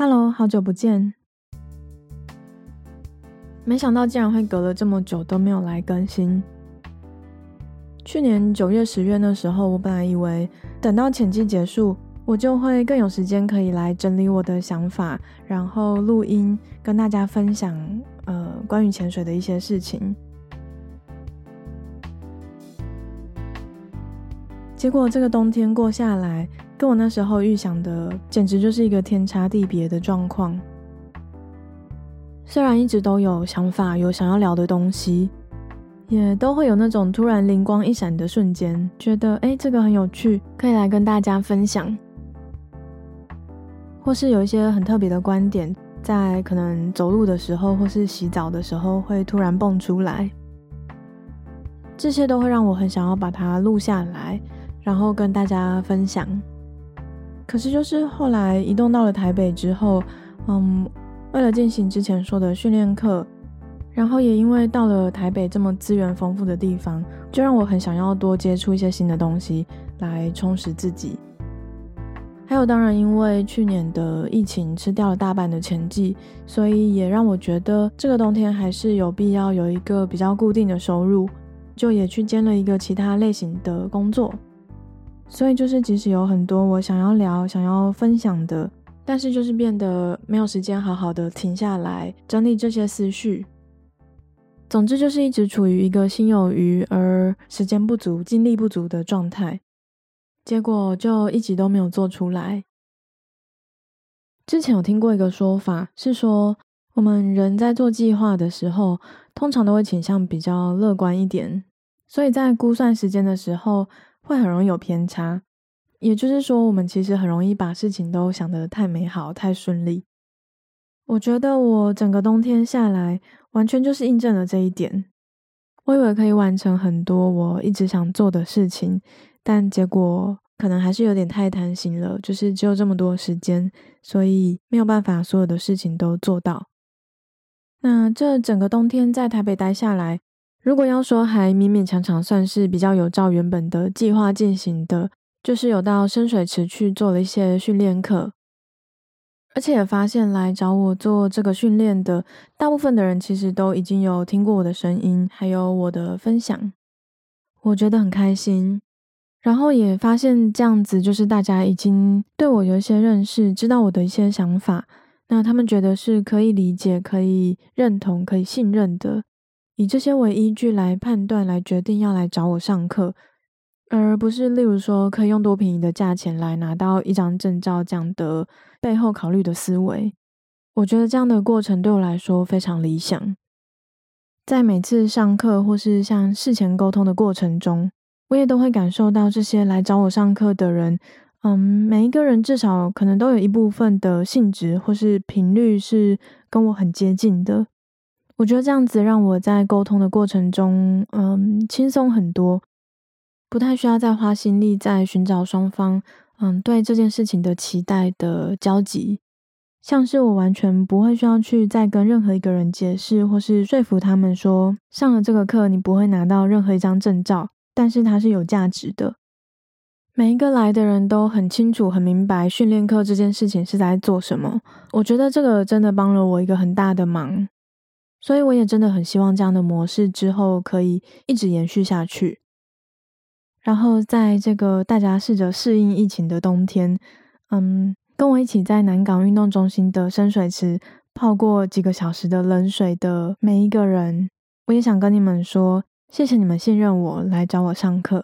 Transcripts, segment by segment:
Hello，好久不見。沒想到竟然會隔了這麼久都沒有來更新。去年九月、十月那時候，我本來以為等到潛季結束，我就會更有時間可以來整理我的想法，然後錄音跟大家分享，呃，關於潛水的一些事情。結果這個冬天過下來。跟我那時候預想的，簡直就是一個天差地別的狀況。雖然一直都有想法，有想要聊的東西，也都會有那種突然靈光一閃的瞬間，覺得誒、欸，這個很有趣，可以來跟大家分享。或是有一些很特別的觀點，在可能走路的時候，或是洗澡的時候，會突然蹦出來。這些都會讓我很想要把它錄下來，然後跟大家分享。可是，就是後來移動到了台北之後，嗯，為了進行之前說的訓練課，然後也因為到了台北這麼資源豐富的地方，就讓我很想要多接觸一些新的東西來充實自己。還有，當然因為去年的疫情吃掉了大半的潛季，所以也讓我覺得這個冬天還是有必要有一個比較固定的收入，就也去兼了一個其他類型的工作。所以就是，即使有很多我想要聊、想要分享的，但是就是變得沒有時間好好的停下來整理這些思緒。總之就是一直處於一個心有餘而時間不足、精力不足的狀態，結果就一直都沒有做出來。之前有聽過一個說法，是說我們人在做計劃的時候，通常都會傾向比較樂觀一點，所以在估算時間的時候，會很容易有偏差，也就是說，我們其實很容易把事情都想得太美好、太順利。我覺得我整個冬天下來，完全就是印證了這一點。我以為可以完成很多我一直想做的事情，但結果可能還是有點太貪心了，就是只有這麼多時間，所以沒有辦法所有的事情都做到。那這整個冬天在台北待下來。如果要說還勉勉強強算是比較有照原本的計劃進行的，就是有到深水池去做了一些訓練課，而且也發現來找我做這個訓練的大部分的人，其實都已經有聽過我的聲音，還有我的分享，我覺得很開心。然後也發現這樣子，就是大家已經對我有一些認識，知道我的一些想法，那他們覺得是可以理解、可以認同、可以信任的。以這些為依據來判斷、來決定要來找我上課，而不是例如說可以用多便宜的價錢來拿到一張證照，這樣的背後考慮的思維，我覺得這樣的過程對我來說非常理想。在每次上課或是像事前溝通的過程中，我也都會感受到這些來找我上課的人，嗯，每一個人至少可能都有一部分的性質或是頻率是跟我很接近的。我覺得這樣子讓我在溝通的過程中，嗯，輕鬆很多，不太需要再花心力在尋找雙方，嗯，對這件事情的期待的交集。像是我完全不會需要去再跟任何一個人解釋，或是說服他們說上了這個課你不會拿到任何一張證照，但是它是有價值的。每一個來的人都很清楚、很明白訓練課這件事情是在做什麼。我覺得這個真的幫了我一個很大的忙。所以我也真的很希望這樣的模式之後可以一直延續下去。然後在這個大家試着適應疫情的冬天，嗯，跟我一起在南港運動中心的深水池泡過幾個小時的冷水的每一個人，我也想跟你們說，謝謝你們信任我來找我上課。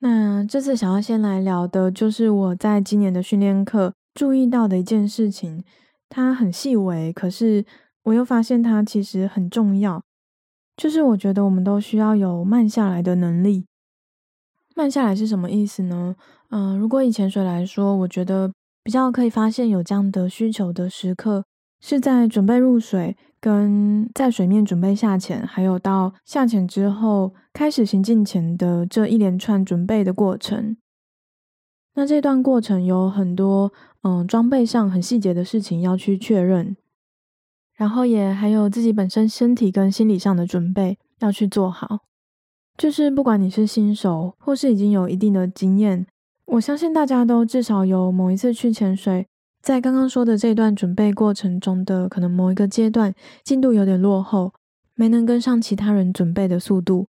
那這次想要先來聊的就是我在今年的訓練課注意到的一件事情，它很細微，可是⋯⋯我又發現它其實很重要，就是我覺得我們都需要有慢下來的能力。慢下來是什麼意思呢？嗯、呃，如果以潛水來說，我覺得比較可以發現有這樣的需求的時刻，是在準備入水，跟在水面準備下潛，還有到下潛之後開始行進前的這一連串準備的過程。那這段過程有很多嗯、呃，裝備上很細節的事情要去確認。然後也還有自己本身身體跟心理上的準備要去做好，就是不管你是新手或是已經有一定的經驗，我相信大家都至少有某一次去潛水，在剛剛說的這段準備過程中的可能某一個階段進度有點落後，沒能跟上其他人準備的速度，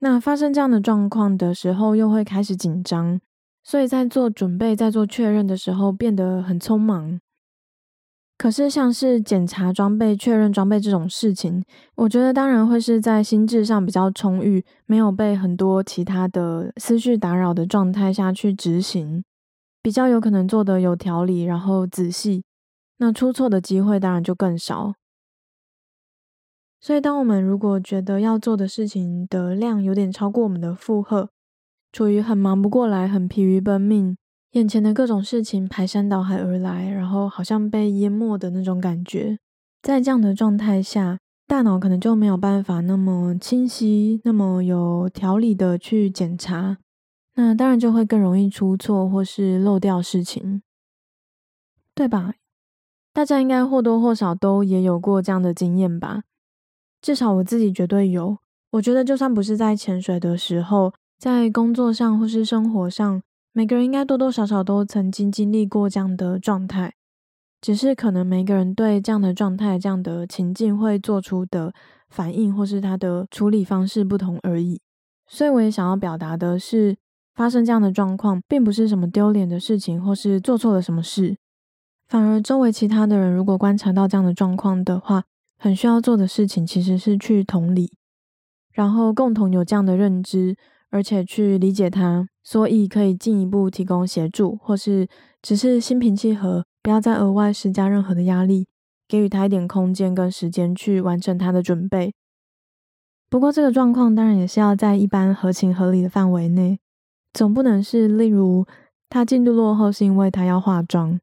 那發生這樣的狀況的時候又會開始緊張，所以在做準備、在做確認的時候變得很匆忙。可是，像是檢查裝備、確認裝備這種事情，我覺得當然會是在心智上比較充裕、沒有被很多其他的思緒打擾的狀態下去執行，比較有可能做得有條理，然後仔細，那出錯的機會當然就更少。所以，當我們如果覺得要做的事情的量有點超過我們的負荷，處於很忙不過來、很疲於奔命。眼前的各種事情排山倒海而來，然後好像被淹沒的那種感覺，在這樣的狀態下，大腦可能就沒有辦法那麼清晰、那麼有條理的去檢查，那當然就會更容易出錯或是漏掉事情，對吧？大家應該或多或少都也有過這樣的經驗吧，至少我自己絕對有。我覺得，就算不是在潛水的時候，在工作上或是生活上。每個人應該多多少少都曾經經歷過這樣的狀態，只是可能每個人對這樣的狀態、這樣的情境會做出的反應或是他的處理方式不同而已。所以，我也想要表達的是，發生這樣的狀況，並不是什麼丟臉的事情，或是做錯了什麼事。反而，周圍其他的人如果觀察到這樣的狀況的話，很需要做的事情其實是去同理，然後共同有這樣的認知，而且去理解他。所以可以進一步提供協助，或是只是心平氣和，不要再額外施加任何的壓力，給予他一點空間跟時間去完成他的準備。不過這個狀況當然也是要在一般合情合理的範圍內，總不能是例如他進度落後是因為他要化妝。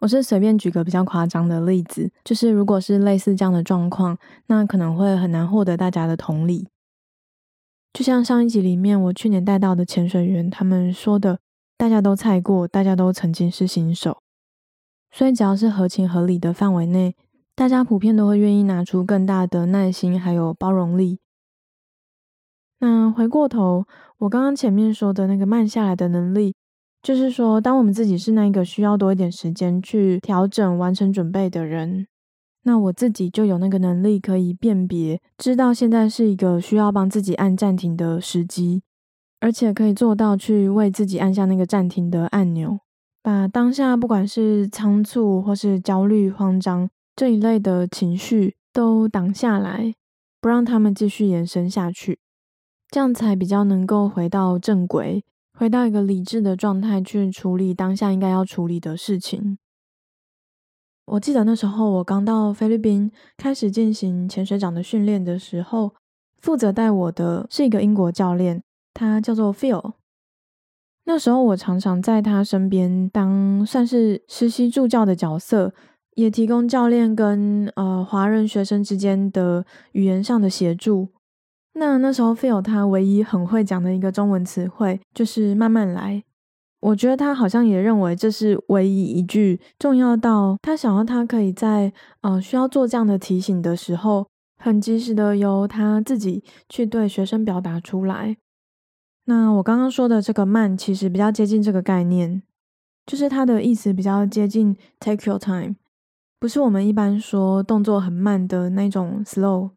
我是隨便舉個比較誇張的例子，就是如果是類似這樣的狀況，那可能會很難獲得大家的同理。就像上一集裡面我去年帶到的潛水員，他們說的，大家都菜過，大家都曾經是新手，所以只要是合情合理的範圍內，大家普遍都會願意拿出更大的耐心還有包容力。那回過頭，我剛剛前面說的那個慢下來的能力，就是說，當我們自己是那個需要多一點時間去調整、完成準備的人。那我自己就有那個能力，可以辨別，知道現在是一個需要幫自己按暫停的時機，而且可以做到去為自己按下那個暫停的按鈕，把當下不管是倉促或是焦慮、慌張這一類的情緒都擋下來，不讓它們繼續延伸下去，這樣才比較能夠回到正軌，回到一個理智的狀態去處理當下應該要處理的事情。我記得那時候我剛到菲律賓開始進行潛水長的訓練的時候，負責帶我的是一個英國教練，他叫做 Phil。那時候我常常在他身邊當算是實習助教的角色，也提供教練跟呃華人學生之間的語言上的協助。那那時候 Phil 他唯一很會講的一個中文詞彙就是慢慢來。我覺得他好像也認為這是唯一一句重要到他想要他可以在呃需要做這樣的提醒的時候，很及時的由他自己去對學生表達出來。那我剛剛說的這個慢其實比較接近這個概念，就是它的意思比較接近 take your time，不是我們一般說動作很慢的那種 slow。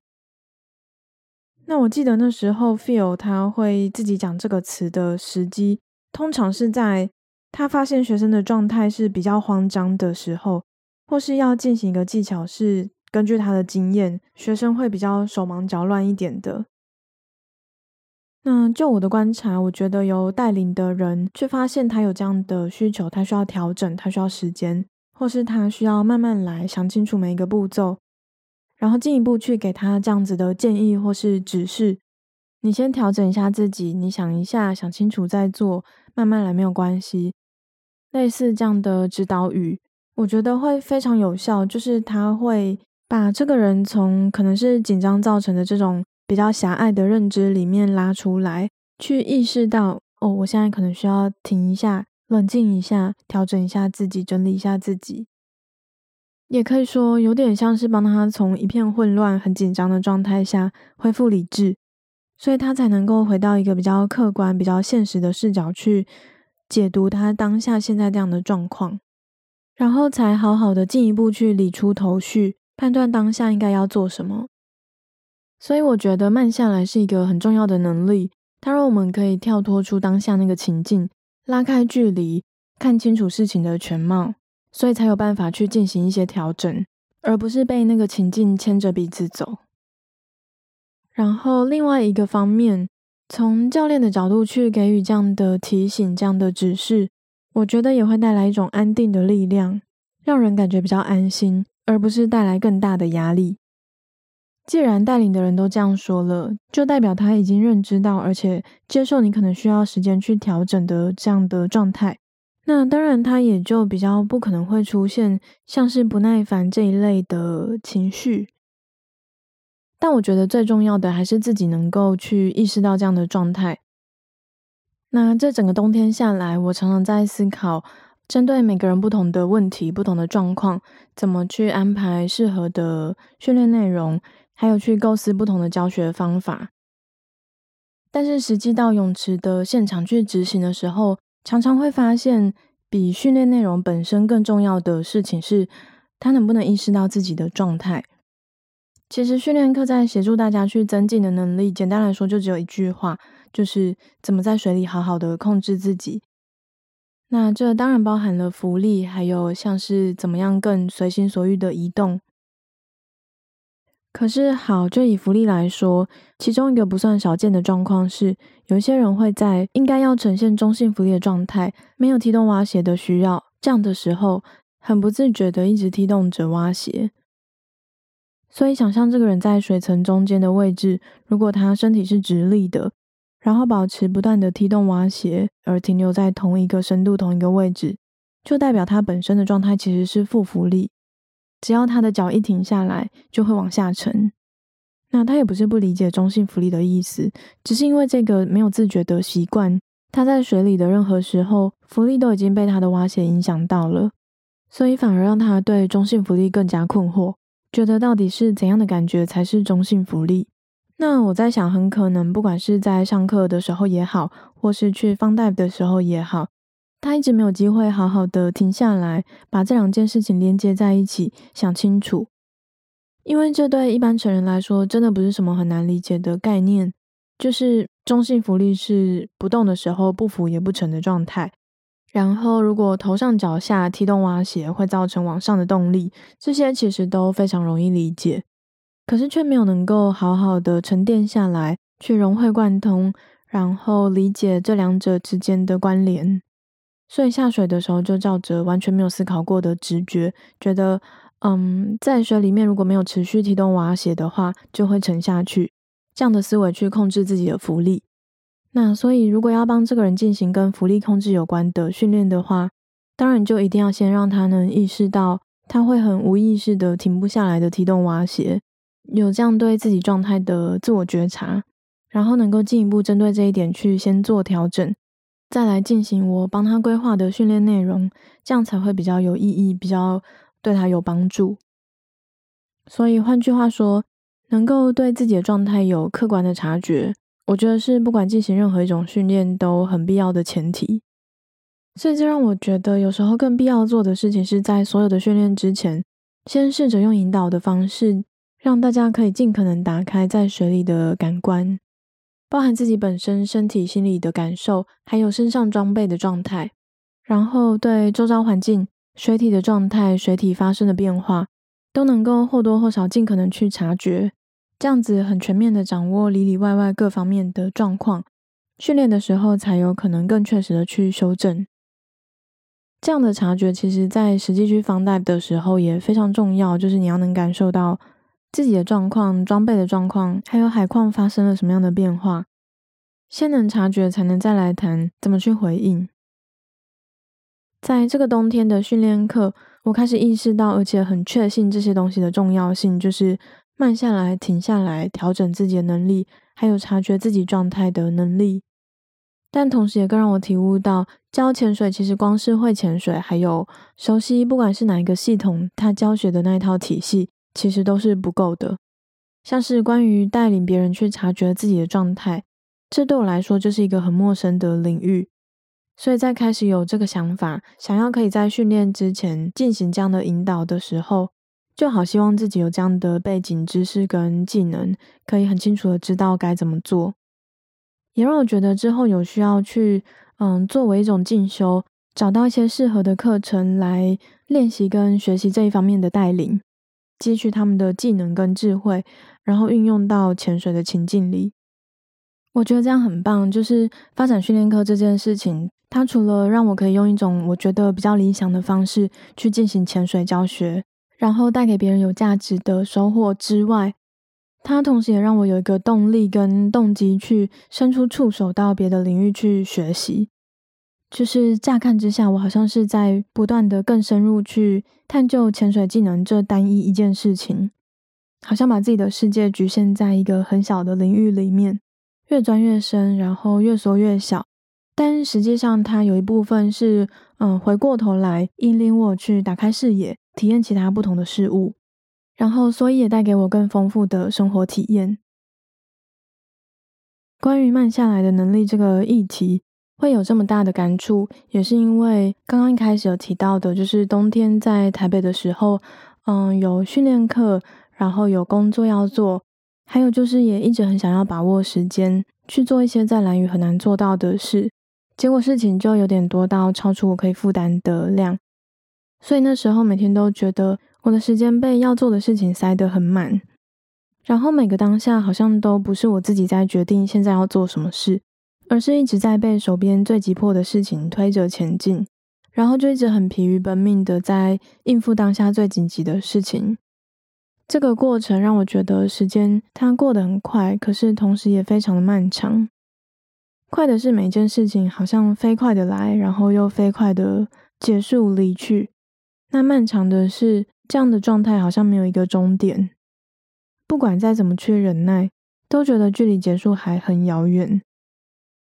那我記得那時候 feel 他會自己講這個詞的時機。通常是在他發現學生的狀態是比較慌張的時候，或是要進行一個技巧，是根據他的經驗，學生會比較手忙腳亂一點的。那就我的觀察，我覺得由帶領的人卻發現他有這樣的需求，他需要調整，他需要時間，或是他需要慢慢來，想清楚每一個步驟，然後進一步去給他這樣子的建議或是指示。你先調整一下自己，你想一下，想清楚再做，慢慢來沒有關係。類似這樣的指導語，我覺得會非常有效，就是他會把這個人從可能是緊張造成的這種比較狹隘的認知裡面拉出來，去意識到哦，我現在可能需要停一下，冷靜一下，調整一下自己，整理一下自己。也可以說，有點像是幫他從一片混亂、很緊張的狀態下恢復理智。所以他才能夠回到一個比較客觀、比較現實的視角去解讀他當下現在這樣的狀況，然後才好好的進一步去理出頭緒，判斷當下應該要做什麼。所以我覺得慢下來是一個很重要的能力，它讓我們可以跳脫出當下那個情境，拉開距離，看清楚事情的全貌，所以才有辦法去進行一些調整，而不是被那個情境牽着鼻子走。然後另外一個方面，從教練的角度去給予這樣的提醒、這樣的指示，我覺得也會帶來一種安定的力量，讓人感覺比較安心，而不是帶來更大的壓力。既然帶領的人都這樣說了，就代表他已經認知到，而且接受你可能需要時間去調整的這樣的狀態。那當然，他也就比較不可能會出現像是不耐煩這一類的情緒。但我覺得最重要的還是自己能夠去意識到這樣的狀態。那這整個冬天下來，我常常在思考，針對每個人不同的問題、不同的狀況，怎麼去安排適合的訓練內容，還有去構思不同的教學方法。但是實際到泳池的現場去執行的時候，常常會發現，比訓練內容本身更重要的事情是，他能不能意識到自己的狀態。其實訓練課在協助大家去增進的能力，簡單來說就只有一句話，就是怎麼在水裡好好的控制自己。那這當然包含了浮力，還有像是怎麼樣更隨心所欲的移動。可是好，就以浮力來說，其中一個不算少見的狀況是，有一些人會在應該要呈現中性浮力的狀態，沒有踢動蛙鞋的需要，這樣的時候，很不自覺的一直踢動着蛙鞋。所以，想象這個人在水層中間的位置，如果他身體是直立的，然後保持不斷的踢動蛙鞋而停留在同一個深度、同一個位置，就代表他本身的狀態其實是負浮力。只要他的腳一停下來，就會往下沉。那他也不是不理解中性浮力的意思，只是因為這個沒有自覺的習慣，他在水裡的任何時候浮力都已經被他的蛙鞋影響到了，所以反而讓他對中性浮力更加困惑。覺得到底是怎樣的感覺才是中性浮力？那我在想，很可能不管是在上課的時候也好，或是去 fun dive 的時候也好，他一直沒有機會好好的停下來，把這兩件事情連接在一起想清楚。因為這對一般成人來說，真的不是什麼很難理解的概念，就是中性浮力是不動的時候，不浮也不沉的狀態。然後，如果頭上腳下踢動蛙鞋，會造成往上的動力，這些其實都非常容易理解，可是卻沒有能夠好好的沉澱下來，去融會貫通，然後理解這兩者之間的關聯。所以下水的時候就照着完全沒有思考過的直覺，覺得嗯，在水裡面如果沒有持續踢動蛙鞋的話，就會沉下去，這樣的思維去控制自己的浮力。那所以，如果要幫這個人進行跟浮力控制有關的訓練的話，當然就一定要先讓他能意識到他會很無意識的停不下來的提動蛙鞋，有這樣對自己狀態的自我覺察，然後能夠進一步針對這一點去先做調整，再來進行我幫他規劃的訓練內容，這樣才會比較有意義，比較對他有幫助。所以換句話說，能夠對自己的狀態有客觀的察覺。我覺得是不管進行任何一種訓練都很必要的前提，所以這讓我覺得有時候更必要做的事情是在所有的訓練之前，先試着用引導的方式，讓大家可以盡可能打開在水裡的感官，包含自己本身身體、心理的感受，還有身上裝備的狀態，然後對周遭環境、水體的狀態、水體發生的變化，都能夠或多或少盡可能去察覺。這樣子很全面的掌握裡裡外外各方面的狀況，訓練的時候才有可能更確實的去修正。這樣的察覺，其實在實際去 fun dive 的時候也非常重要，就是你要能感受到自己的狀況、裝備的狀況，還有海況發生了什麼樣的變化，先能察覺，才能再來談怎麼去回應。在這個冬天的訓練課，我開始意識到，而且很確信這些東西的重要性，就是。慢下來，停下來，調整自己的能力，還有察覺自己狀態的能力。但同時，也更讓我體悟到，教潛水其實光是會潛水，還有熟悉不管是哪一個系統，它教學的那一套體系，其實都是不夠的。像是關於帶領別人去察覺自己的狀態，這對我來說就是一個很陌生的領域。所以在開始有這個想法，想要可以在訓練之前進行這樣的引導的時候。就好，希望自己有這樣的背景知識跟技能，可以很清楚的知道該怎麼做，也讓我覺得之後有需要去，嗯，作為一種進修，找到一些適合的課程來練習跟學習這一方面的帶領，汲取他們的技能跟智慧，然後運用到潛水的情境裡。我覺得這樣很棒，就是發展訓練課這件事情，它除了讓我可以用一種我覺得比較理想的方式去進行潛水教學。然後帶給別人有價值的收穫之外，它同時也讓我有一個動力跟動機去伸出觸手到別的領域去學習。就是乍看之下，我好像是在不斷的更深入去探究潛水技能這單一一件事情，好像把自己的世界局限在一個很小的領域裡面，越鑽越深，然後越縮越小。但實際上，它有一部分是。嗯，回過頭來引領我去打開視野，體驗其他不同的事物，然後所以也帶給我更豐富的生活體驗。關於慢下來的能力這個議題，會有這麼大的感觸，也是因為剛剛一開始有提到的，就是冬天在台北的時候，嗯，有訓練課，然後有工作要做，還有就是也一直很想要把握時間去做一些在藍雨很難做到的事。結果事情就有點多到超出我可以負擔的量，所以那時候每天都覺得我的時間被要做的事情塞得很滿，然後每個當下好像都不是我自己在決定現在要做什麼事，而是一直在被手邊最急迫的事情推着前進，然後就一直很疲於奔命的在應付當下最緊急的事情。這個過程讓我覺得時間它過得很快，可是同時也非常的漫長。快的是每件事情好像飛快的來，然後又飛快的結束離去。那漫長的是這樣的狀態，好像沒有一個終點。不管再怎麼去忍耐，都覺得距離結束還很遙遠。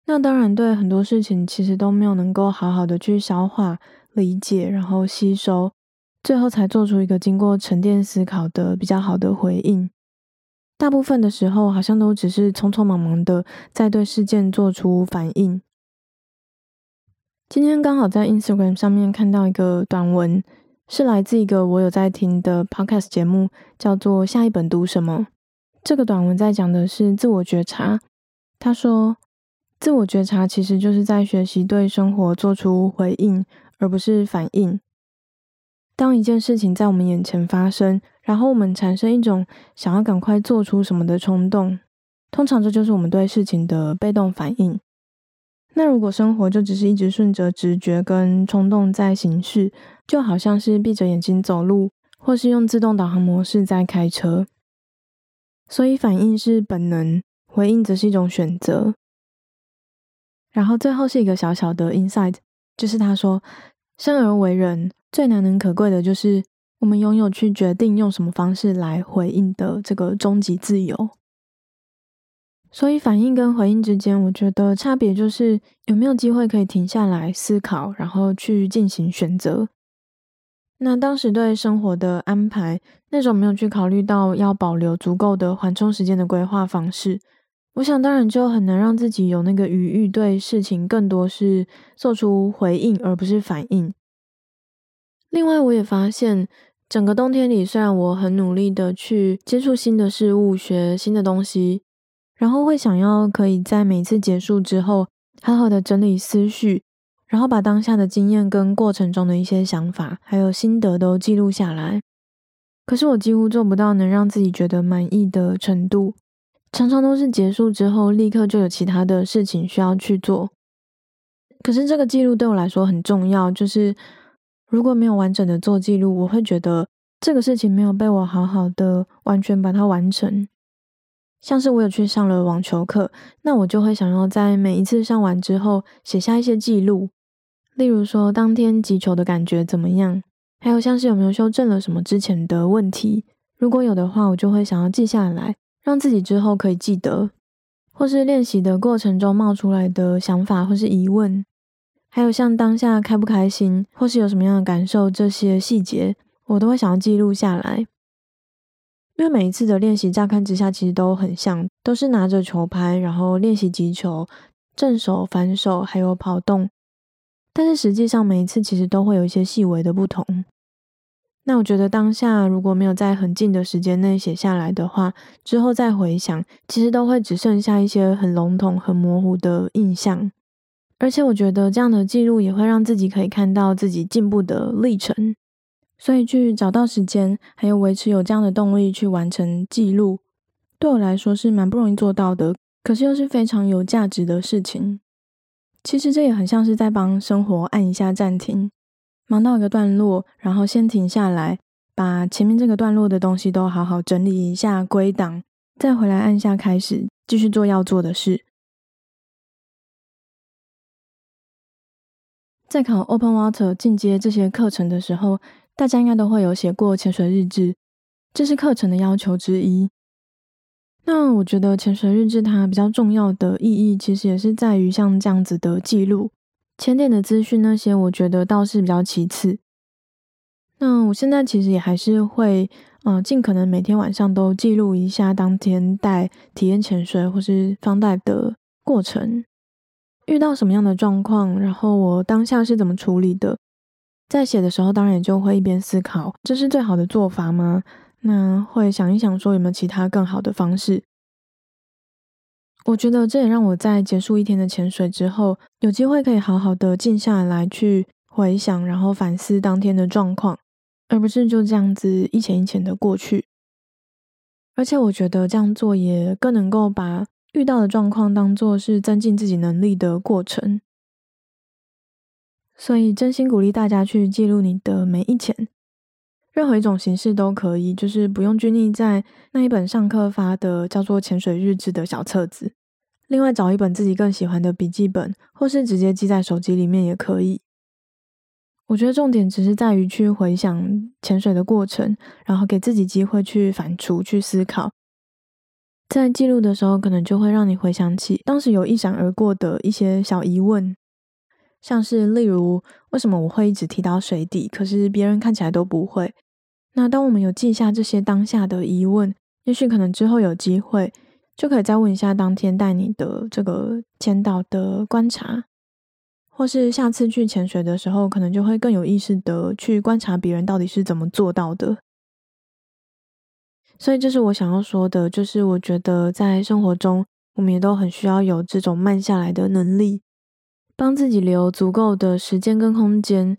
那當然，對很多事情其實都沒有能夠好好的去消化、理解，然後吸收，最後才做出一個經過沉澱思考的比較好的回應。大部分的時候，好像都只是匆匆忙忙的在對事件做出反應。今天剛好在 Instagram 上面看到一個短文，是來自一個我有在聽的 podcast 節目，叫做《下一本讀什麼》。這個短文在講的是自我覺察。他說，自我覺察其實就是在學習對生活做出回應，而不是反應。當一件事情在我們眼前發生，然後我們產生一種想要趕快做出什麼的衝動，通常這就是我們對事情的被動反應。那如果生活就只是一直順着直覺跟衝動在行事，就好像是閉着眼睛走路，或是用自動導航模式在開車。所以反應是本能，回應則是一種選擇。然後最後是一個小小的 insight，就是他說，生而為人，最難能可貴的就是。我們擁有去決定用什麼方式來回應的這個終極自由，所以反應跟回應之間，我覺得差別就是有沒有機會可以停下來思考，然後去進行選擇。那當時對生活的安排，那種沒有去考慮到要保留足夠的緩衝時間的規劃方式，我想當然就很難讓自己有那個餘裕，對事情更多是做出回應而不是反應。另外，我也發現。整個冬天裡，雖然我很努力的去接觸新的事物、學新的東西，然後會想要可以在每次結束之後，好好的整理思緒，然後把當下的經驗跟過程中的一些想法還有心得都記錄下來。可是我幾乎做不到能讓自己覺得滿意的程度，常常都是結束之後立刻就有其他的事情需要去做。可是這個記錄對我來說很重要，就是。如果沒有完整的做記錄，我會覺得這個事情沒有被我好好的完全把它完成。像是我有去上了網球課，那我就會想要在每一次上完之後寫下一些記錄，例如說當天擊球的感覺怎麼樣，還有像是有沒有修正了什麼之前的問題，如果有的話，我就會想要記下來，讓自己之後可以記得，或是練習的過程中冒出來的想法或是疑問。還有像當下開不開心，或是有什麼樣的感受，這些細節我都會想要記錄下來，因為每一次的練習，乍看之下其實都很像，都是拿着球拍，然後練習擊球、正手、反手，還有跑動，但是實際上每一次其實都會有一些細微的不同。那我覺得當下如果沒有在很近的時間內寫下來的話，之後再回想，其實都會只剩下一些很籠統、很模糊的印象。而且我覺得這樣的記錄也會讓自己可以看到自己進步的歷程，所以去找到時間，還有維持有這樣的動力去完成記錄，對我來說是蠻不容易做到的。可是又是非常有價值的事情。其實這也很像是在幫生活按一下暫停，忙到一個段落，然後先停下來，把前面這個段落的東西都好好整理一下歸檔，再回來按下開始，繼續做要做的事。在考 Open Water 進階這些課程的時候，大家應該都會有寫過潛水日誌，這是課程的要求之一。那我覺得潛水日誌它比較重要的意義，其實也是在於像這樣子的記錄，潛點的資訊那些，我覺得倒是比較其次。那我現在其實也還是會，嗯、呃，盡可能每天晚上都記錄一下當天帶體驗潛水或是放帶的過程。遇到什麼樣的狀況，然後我當下是怎麼處理的？在寫的時候，當然也就會一邊思考，這是最好的做法嗎？那會想一想，說有沒有其他更好的方式？我覺得這也讓我在結束一天的潛水之後，有機會可以好好的靜下來去回想，然後反思當天的狀況，而不是就這樣子一潛一潛的過去。而且我覺得這樣做也更能夠把。遇到的狀況當作是增進自己能力的過程，所以真心鼓勵大家去記錄你的每一潛，任何一種形式都可以，就是不用拘泥在那一本上課發的叫做潛水日誌的小冊子，另外找一本自己更喜歡的筆記本，或是直接記在手機裡面也可以。我覺得重點只是在於去回想潛水的過程，然後給自己機會去反芻、去思考。在記錄的時候，可能就會讓你回想起當時有一閃而過的一些小疑問，像是例如為什麼我會一直提到水底，可是別人看起來都不會？那當我們有記下這些當下的疑問，也許可能之後有機會就可以再問一下當天帶你的這個潛導的觀察，或是下次去潛水的時候，可能就會更有意識的去觀察別人到底是怎麼做到的。所以這是我想要說的，就是我覺得在生活中，我們也都很需要有這種慢下來的能力，幫自己留足夠的時間跟空間，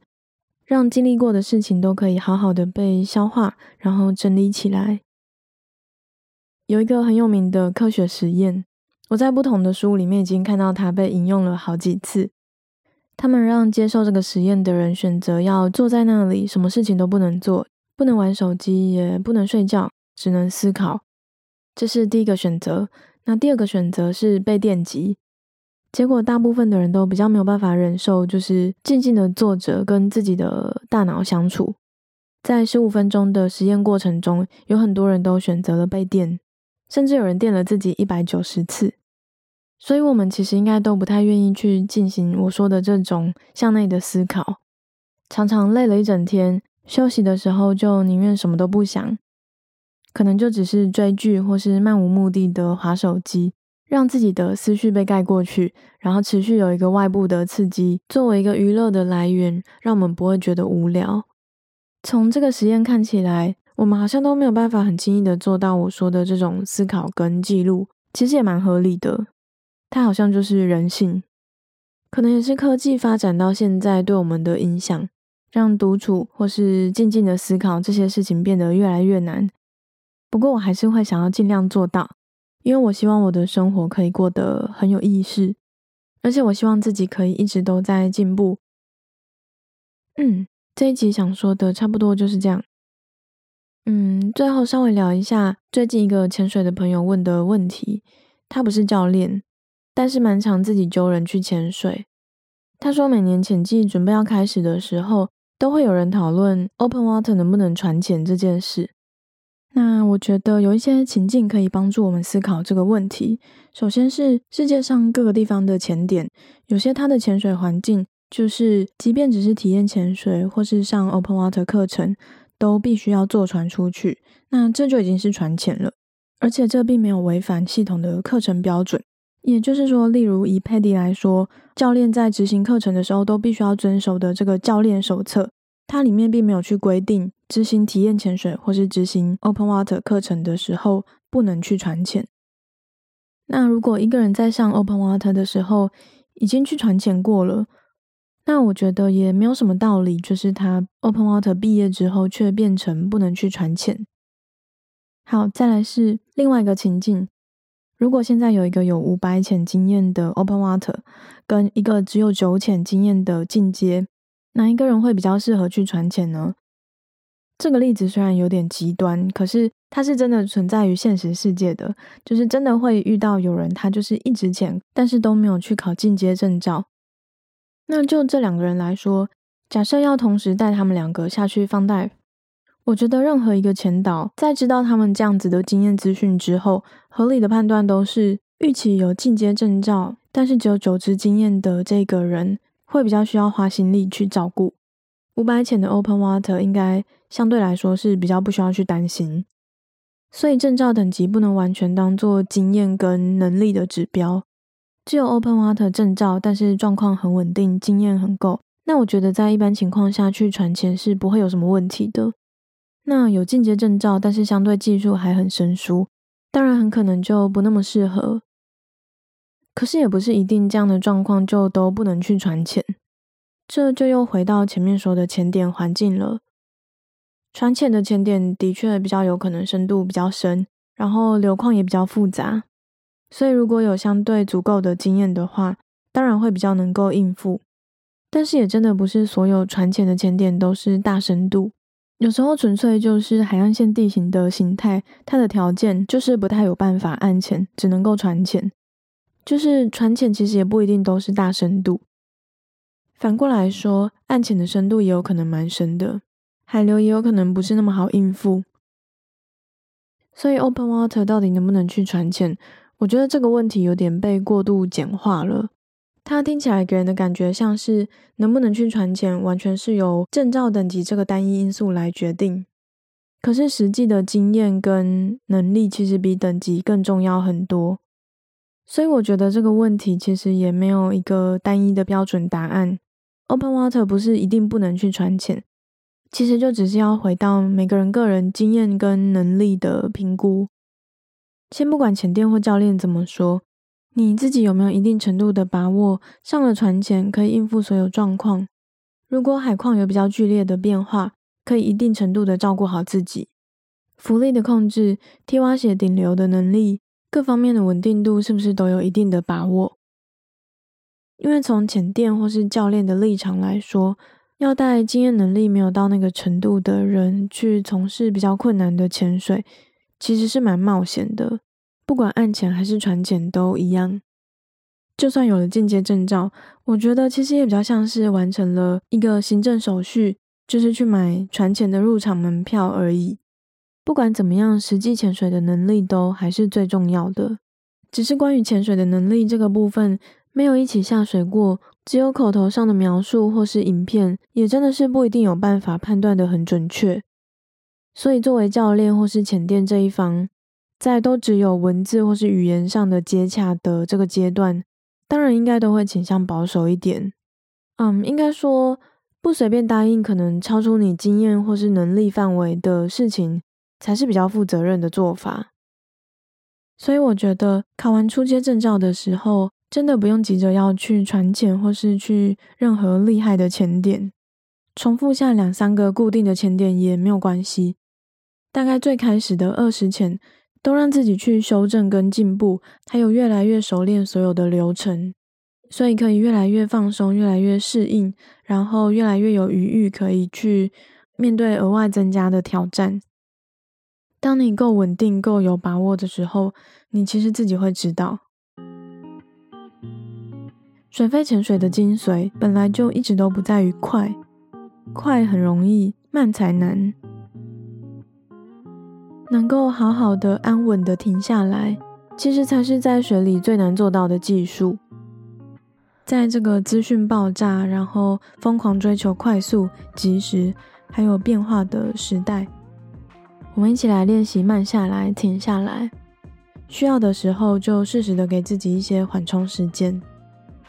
讓經歷過的事情都可以好好的被消化，然後整理起來。有一個很有名的科學實驗，我在不同的書裡面已經看到它被引用了好幾次。他們讓接受這個實驗的人選擇要坐在那裡，什麼事情都不能做，不能玩手機，也不能睡覺。只能思考，這是第一個選擇。那第二個選擇是被電擊，結果大部分的人都比較沒有辦法忍受，就是靜靜的坐着跟自己的大腦相處。在十五分鐘的實驗過程中，有很多人都選擇了被電，甚至有人電了自己一百九十次。所以，我們其實應該都不太願意去進行我說的這種向內的思考。常常累了一整天，休息的時候就寧願什麼都不想。可能就只是追劇，或是漫無目的的滑手機，讓自己的思緒被蓋過去，然後持續有一個外部的刺激，作為一個娛樂的來源，讓我們不會覺得無聊。從這個實驗看起來，我們好像都沒有辦法很輕易的做到我說的這種思考跟記錄，其實也蠻合理的。它好像就是人性，可能也是科技發展到現在對我們的影響，讓獨處或是靜靜的思考這些事情變得越來越難。不過我還是會想要盡量做到，因為我希望我的生活可以過得很有意義，而且我希望自己可以一直都在進步。嗯，這一集想說的差不多就是這樣。嗯，最後稍微聊一下最近一個潛水的朋友問的問題，他不是教練，但是蠻常自己揪人去潛水。他說每年潛季準備要開始的時候，都會有人討論 Open Water 能不能船潛這件事。那我覺得有一些情境可以幫助我們思考這個問題。首先是世界上各個地方的潛點，有些它的潛水環境就是，即便只是體驗潛水或是上 Open Water 課程，都必須要坐船出去。那這就已經是船潛了，而且這並沒有違反系統的課程標準。也就是說，例如以 PADI 來說，教練在執行課程的時候都必須要遵守的這個教練手冊，它裡面並沒有去規定。執行體驗潛水或是執行 Open Water 課程的時候，不能去船潛。那如果一個人在上 Open Water 的時候已經去船潛過了，那我覺得也沒有什麼道理，就是他 Open Water 畢業之後卻變成不能去船潛。好，再來是另外一個情境：如果現在有一個有五百潛經驗的 Open Water，跟一個只有九潛經驗的進階，哪一個人會比較適合去船潛呢？這個例子雖然有點極端，可是它是真的存在於現實世界的，就是真的會遇到有人他就是一直潛，但是都沒有去考進階證照。那就這兩個人來說，假設要同時帶他們兩個下去放貸，我覺得任何一個潛導在知道他們這樣子的經驗資訊之後，合理的判斷都是預期有進階證照，但是只有九支經驗的這個人會比較需要花心力去照顧五百潛的 Open Water 應該。相對來說是比較不需要去擔心，所以證照等級不能完全當做經驗跟能力的指標。只有 Open Water 證照，但是狀況很穩定，經驗很夠，那我覺得在一般情況下去船潛是不會有什麼問題的。那有進階證照，但是相對技術還很生疏，當然很可能就不那麼適合。可是也不是一定這樣的狀況就都不能去船潛，這就又回到前面說的潛點環境了。船潛的潛點的確比較有可能深度比較深，然後流況也比較複雜，所以如果有相對足夠的經驗的話，當然會比較能夠應付。但是也真的不是所有船潛的潛點都是大深度，有時候純粹就是海岸線地形的形態，它的條件就是不太有辦法岸潛，只能夠船潛，就是船潛其實也不一定都是大深度。反過來說，岸潛的深度也有可能蠻深的。海流也有可能不是那麼好應付，所以 Open Water 到底能不能去船潛？我覺得這個問題有點被過度簡化了。它聽起來給人的感覺像是能不能去船潛，完全是由證照等級這個單一因素來決定。可是實際的經驗跟能力其實比等級更重要很多。所以我覺得這個問題其實也沒有一個單一的標準答案。Open Water 不是一定不能去船潛。其實就只是要回到每個人個人經驗跟能力的評估，先不管潛店或教練怎麼說，你自己有沒有一定程度的把握，上了船前可以應付所有狀況？如果海況有比較劇烈的變化，可以一定程度的照顧好自己，浮力的控制、踢蛙鞋頂流的能力，各方面的穩定度是不是都有一定的把握？因為從潛店或是教練的立場來說，要帶經驗能力沒有到那個程度的人去從事比較困難的潛水，其實是蠻冒險的。不管岸潛還是船潛都一樣。就算有了進階證照，我覺得其實也比較像是完成了一個行政手續，就是去買船潛的入場門票而已。不管怎麼樣，實際潛水的能力都還是最重要的。只是關於潛水的能力這個部分，沒有一起下水過。只有口頭上的描述或是影片，也真的是不一定有辦法判斷得很準確。所以，作為教練或是潛店這一方，在都只有文字或是語言上的接洽的這個階段，當然應該都會傾向保守一點。嗯，應該說不隨便答應可能超出你經驗或是能力範圍的事情，才是比較負責任的做法。所以，我覺得考完初階證照的時候。真的不用急着要去船潛，或是去任何厲害的潛點，重複下兩三個固定的潛點也沒有關係。大概最開始的二十潛，都讓自己去修正跟進步，還有越來越熟練所有的流程，所以可以越來越放鬆，越來越適應，然後越來越有餘裕可以去面對額外增加的挑戰。當你夠穩定、夠有把握的時候，你其實自己會知道。水肺潛水的精髓本來就一直都不在於快，快很容易，慢才難。能夠好好的、安穩的停下來，其實才是在水裡最難做到的技術。在這個資訊爆炸、然後瘋狂追求快速、即時還有變化的時代，我們一起來練習慢下來、停下來，需要的時候就適時的給自己一些緩衝時間。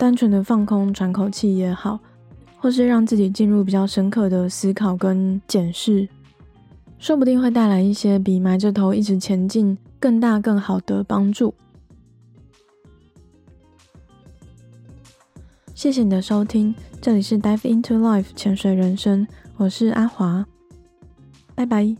單純的放空、喘口氣也好，或是讓自己進入比較深刻的思考跟檢視，說不定會帶來一些比埋着頭一直前進更大、更好的幫助。謝謝你的收聽，這裡是 Dive into Life 潛水人生，我是阿華，拜拜。